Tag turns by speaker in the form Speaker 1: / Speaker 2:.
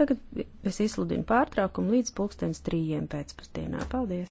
Speaker 1: Tagad es izsludinu pārtraukumu līdz pulkstens trījiem pēcpusdienā. Paldies!